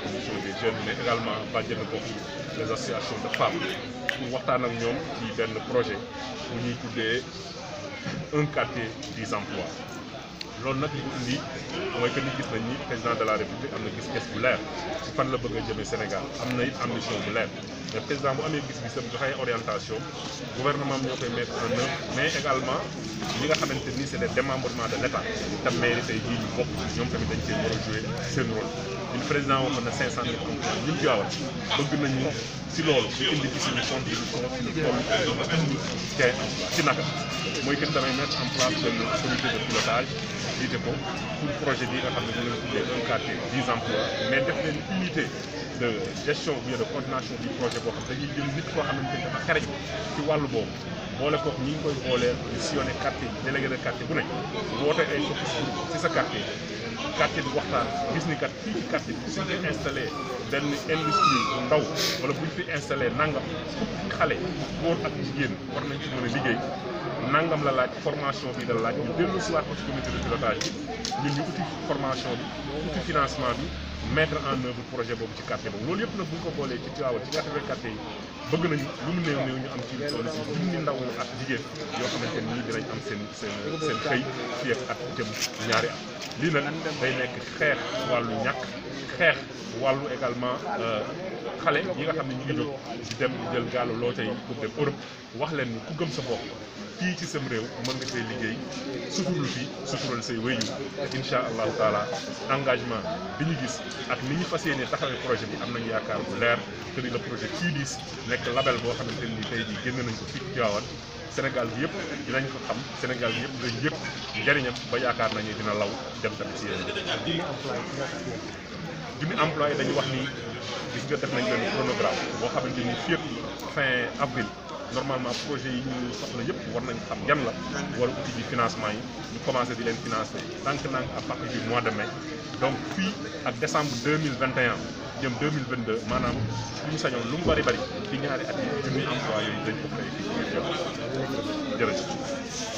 opposition des jeunes mais également bàjjenu gox yi les associations de femmes pour waxtaan ak ñoom ci benn projet bu ñuy tuddee un quartier di emplois loolu nag li mooy que ni gis nañ ni président de la république am na gis-gis bu leer ci fan la bëgg a jëme Sénégal am na it ambition bu leer. mais président bu amee gis-gisam joxe ay orientation gouvernement am ñoo koy mettre en œuvre mais également ñi nga xamante ni c' est des démembrements de l' état tam mairie tey jii bokk ñoom tamit dañ seen rôle ñun président waxoon na 500 mille communes ñun bëgg nañu si loolu ñu indi ci suñu contribution te ci naka mooy que damay mettre en place benn comité de pilotage jiite ko pour projet bi nga xam ne moom la ñu tuddee un quartier dix emplois mais def leen unité de gestion ou bien de coordination du projet boo xam dañuy jël nit koo xamante ne dafa xarañ ci wàllu boobu. boole kook ni ñu koy booleel ñu sillonné quartier bi délégué de quartier bu nekk woote ay focus ci sa quartier quartier bi waxtaan gis ni kat fii ci quartier bi suñ fi installé benn industrie bu ndaw wala buñ fi installé nangam xale góor ak jigéen war nañ ci mën liggéey nangam la laaj formation bi dala laaj ñu dellu si waat ko ci comité de pilotage bi ñun ñu uti formation bi uti financement bi mettre en œuvre projet boobu ci quartier boobu loolu yëpp nag bu ko boolee ci Tivaouane ci quatre-vingts bëgg nañu lu mu néew néew ñu am ci lu toll si junni ndaw ak jigéen yoo xamante nii ñii dinañ am seen seen seen xëy fii ak at jëm ñaari at lii nag day nekk xeex wàllu ñàkk xeex wàllu également euh, xale yi nga xam ne ñu ngi jóg di dem di jël gaalu loo tey pour dem Europe wax leen ni ku gëm sa bopp fii ci sam réew mën nga see liggéey suturul fii suturul say wéyu incha allahu taala engagement bi ñu gis ak ni ñu fas yéene taxawee projet bi am nañu yaakaar bu leer te ni le projet QDIS nekk label boo xamante ni tey jii génn nañ ko fi ci Tivaouane Sénégal bi yëpp dinañ ko xam Sénégal bi yëpp dañ yëpp njëriñam ba yaakaar nañu dina law dem tamit si yéen junni employé dañu wax ni gis nga def nañ benn chronogramme boo xamante ni fii ak fin avril normalement projet yi ñu soxla yëpp war nañ xam yan la wala outil bi financement yi ñu commencé di leen financé tànk nang à partir du mois de mai donc fii ak décembre 2021 jëm 2022 maanaam li ñu sañoon lu mu bari bari ci ñaari at yi junni emploi yooyu dañ ko créé fii jërëjëf